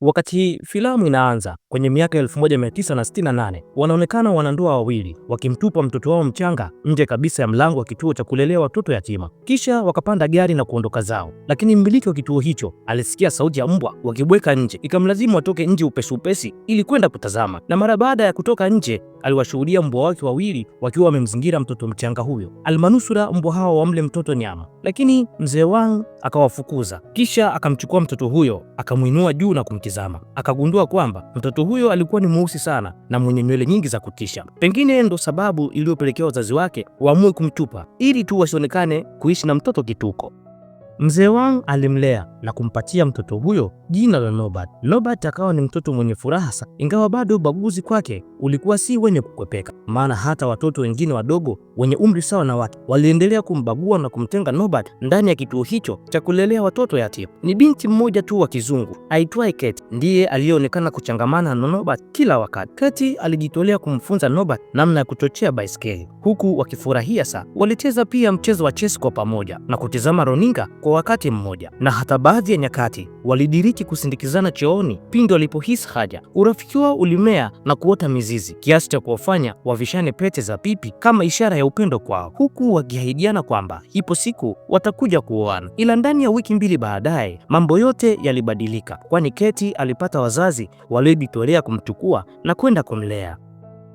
Wakati filamu inaanza kwenye miaka 1968 wanaonekana wanandoa wawili wakimtupa mtoto wao mchanga nje kabisa ya mlango wa kituo cha kulelea watoto yatima, kisha wakapanda gari na kuondoka zao. Lakini mmiliki wa kituo hicho alisikia sauti ya mbwa wakibweka nje, ikamlazimu watoke nje upesi upesi ili kwenda kutazama, na mara baada ya kutoka nje aliwashuhudia mbwa wake wawili wakiwa wamemzingira mtoto mchanga huyo. Almanusura mbwa hao wamle mtoto nyama, lakini mzee Wang akawafukuza, kisha akamchukua mtoto huyo akamwinua juu na kumtizama. Akagundua kwamba mtoto huyo alikuwa ni mweusi sana na mwenye nywele nyingi za kutisha. Pengine ndo sababu iliyopelekea wazazi wake waamue kumtupa ili tu wasionekane kuishi na mtoto kituko. Mzee Wang alimlea na kumpatia mtoto huyo jina la Norbert. Norbert akawa ni mtoto mwenye furaha sana, ingawa bado ubaguzi kwake ulikuwa si wenye kukwepeka maana hata watoto wengine wadogo wenye umri sawa na wake waliendelea kumbagua na kumtenga Norbert ndani ya kituo hicho cha kulelea watoto yatima. Ni binti mmoja tu wa kizungu aitwaye Kate ndiye aliyeonekana kuchangamana na Norbert kila wakati. Kate alijitolea kumfunza Norbert namna ya kuchochea baiskeli. Huku wakifurahia sana, walicheza pia mchezo wa chess kwa pamoja na kutizama roninga kwa wakati mmoja, na hata baadhi ya nyakati walidiriki kusindikizana chooni pindi walipohisi haja. Urafiki wao ulimea na kuota mizizi kiasi cha kuwafanya wa wavishane pete za pipi kama ishara ya upendo kwao, huku wakiahidiana kwamba ipo siku watakuja kuoana. Ila ndani ya wiki mbili baadaye mambo yote yalibadilika, kwani Keti alipata wazazi waliojitolea kumchukua na kwenda kumlea.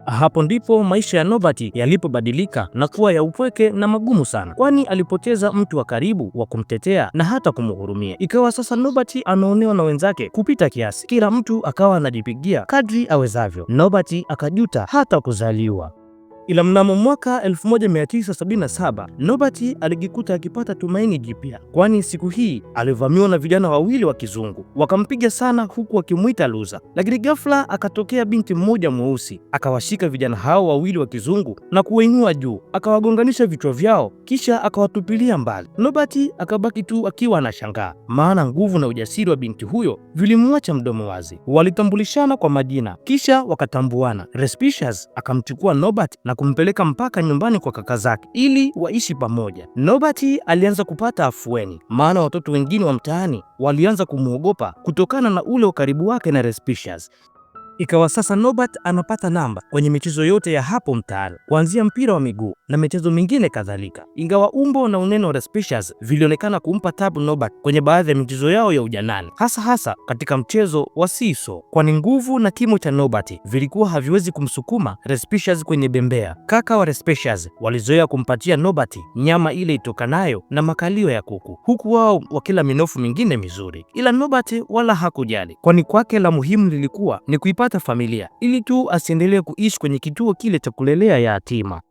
Hapo ndipo maisha ya Nobati yalipobadilika na kuwa ya upweke na magumu sana, kwani alipoteza mtu wa karibu wa kumtetea na hata kumhurumia. Ikawa sasa Nobati anaonewa na wenzake kupita kiasi, kila mtu akawa anajipigia kadri awezavyo. Nobati akajuta hata kuzaliwa. Ila mnamo mwaka 1977 Norbert alijikuta akipata tumaini jipya, kwani siku hii alivamiwa na vijana wawili wa kizungu, wakampiga sana huku wakimwita luza, lakini ghafla akatokea binti mmoja mweusi, akawashika vijana hao wawili wa kizungu na kuwainua juu, akawagonganisha vichwa vyao, kisha akawatupilia mbali. Nobati akabaki tu akiwa anashangaa, maana nguvu na ujasiri wa binti huyo vilimwacha mdomo wazi. Walitambulishana kwa majina, kisha wakatambuana. Respicious akamchukua Norbert na kumpeleka mpaka nyumbani kwa kaka zake ili waishi pamoja. Nobert alianza kupata afueni, maana watoto wengine wa mtaani walianza kumwogopa kutokana na ule ukaribu wake na Respicious. Ikawa sasa nobat anapata namba kwenye michezo yote ya hapo mtaani, kuanzia mpira wa miguu na michezo mingine kadhalika. Ingawa umbo na uneno wa Spears vilionekana kumpa tabu nobat kwenye baadhi ya michezo yao ya ujanani, hasa hasa katika mchezo wa siso, kwani nguvu na kimo cha nobat vilikuwa haviwezi kumsukuma Spears kwenye bembea. Kaka wa Spears walizoea kumpatia Nobat nyama ile itokanayo na makalio ya kuku, huku wao wakila minofu mingine mizuri, ila nobat wala hakujali, kwani kwake la muhimu lilikuwa ni kuipata kupata familia, ili tu asiendelee kuishi kwenye kituo kile cha kulelea yatima.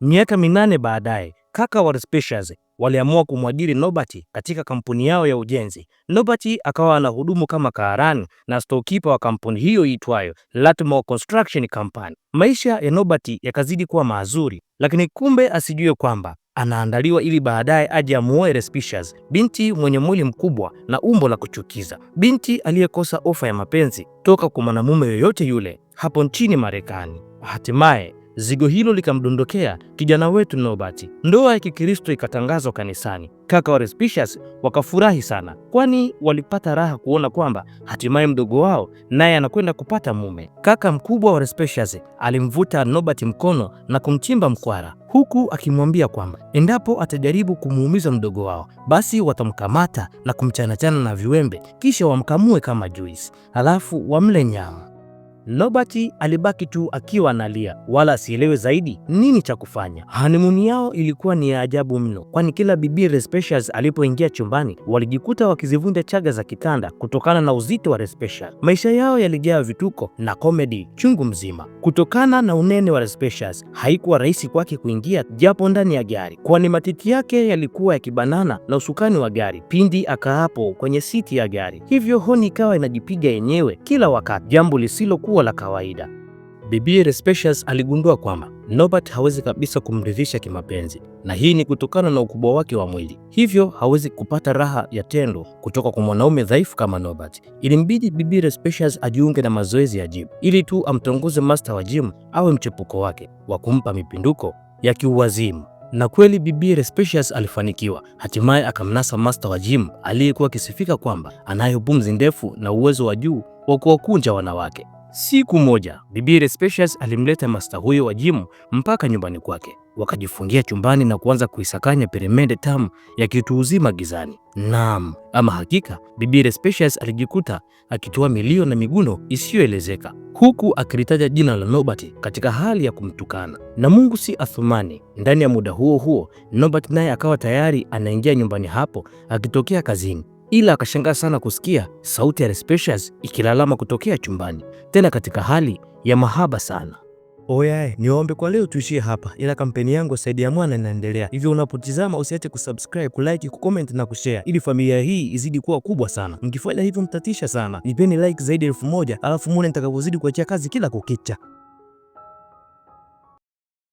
Miaka minane baadaye, kaka wa Respecious waliamua kumwajiri Nobati katika kampuni yao ya ujenzi. Nobati akawa anahudumu kama kaharani na storekeeper wa kampuni hiyo iitwayo Latmore Construction Company. Maisha ya Nobati yakazidi kuwa mazuri, lakini kumbe asijue kwamba anaandaliwa ili baadaye aje amuoe Respicious, binti mwenye mwili mkubwa na umbo la kuchukiza, binti aliyekosa ofa ya mapenzi toka kwa mwanamume yoyote yule hapo nchini Marekani. Hatimaye zigo hilo likamdondokea kijana wetu Nobati. Ndoa ya Kikristo ikatangazwa kanisani. Kaka wa Respicious wakafurahi sana, kwani walipata raha kuona kwamba hatimaye mdogo wao naye anakwenda kupata mume. Kaka mkubwa wa Respicious alimvuta Nobati mkono na kumchimba mkwara, huku akimwambia kwamba endapo atajaribu kumuumiza mdogo wao, basi watamkamata na kumchanachana na viwembe, kisha wamkamue kama juisi, halafu wamle nyama nobat alibaki tu akiwa analia, wala asielewe zaidi nini cha kufanya. Hanimuni yao ilikuwa ni ya ajabu mno, kwani kila bibi Respecious alipoingia chumbani walijikuta wakizivunja chaga za kitanda kutokana na uzito wa Respecious. Maisha yao yalijaa vituko na komedi chungu mzima. Kutokana na unene wa Respecious, haikuwa rahisi kwake kuingia japo ndani ya gari, kwani matiti yake yalikuwa yakibanana na usukani wa gari pindi akaapo kwenye siti ya gari, hivyo honi ikawa inajipiga yenyewe kila wakati, jambo lisilo kuwa la kawaida. Bibi Respecious aligundua kwamba Norbert hawezi kabisa kumridhisha kimapenzi, na hii ni kutokana na ukubwa wake wa mwili, hivyo hawezi kupata raha ya tendo kutoka kwa mwanaume dhaifu kama Norbert. Ilimbidi Bibi Respecious ajiunge na mazoezi ya gym ili tu amtongoze master wa gym awe mchepuko wake wa kumpa mipinduko ya kiuwazimu. Na kweli Bibi Respecious alifanikiwa, hatimaye akamnasa master wa gym aliyekuwa akisifika kwamba anayo pumzi ndefu na uwezo wa juu wa kuwakunja wanawake. Siku moja Bibi Respecious alimleta masta huyo wa jimu mpaka nyumbani kwake, wakajifungia chumbani na kuanza kuisakanya peremende tamu ya kitu uzima gizani. Naam, ama hakika Bibi Respecious alijikuta akitoa milio na miguno isiyoelezeka huku akilitaja jina la Nobati katika hali ya kumtukana. Na Mungu si Athumani, ndani ya muda huo huo Nobati naye akawa tayari anaingia nyumbani hapo akitokea kazini ila akashangaa sana kusikia sauti ya Respecious ikilalama kutokea chumbani, tena katika hali ya mahaba sana. Oyae, niwaombe kwa leo tuishie hapa, ila kampeni yangu Saidi ya Mwana inaendelea, hivyo unapotizama usiache kusubscribe, kulike, kucomment na kushare ili familia hii izidi kuwa kubwa sana. Mkifanya hivyo mtatisha sana. Nipeni like zaidi elfu moja alafu mwone nitakapozidi kuachia kazi kila kukicha.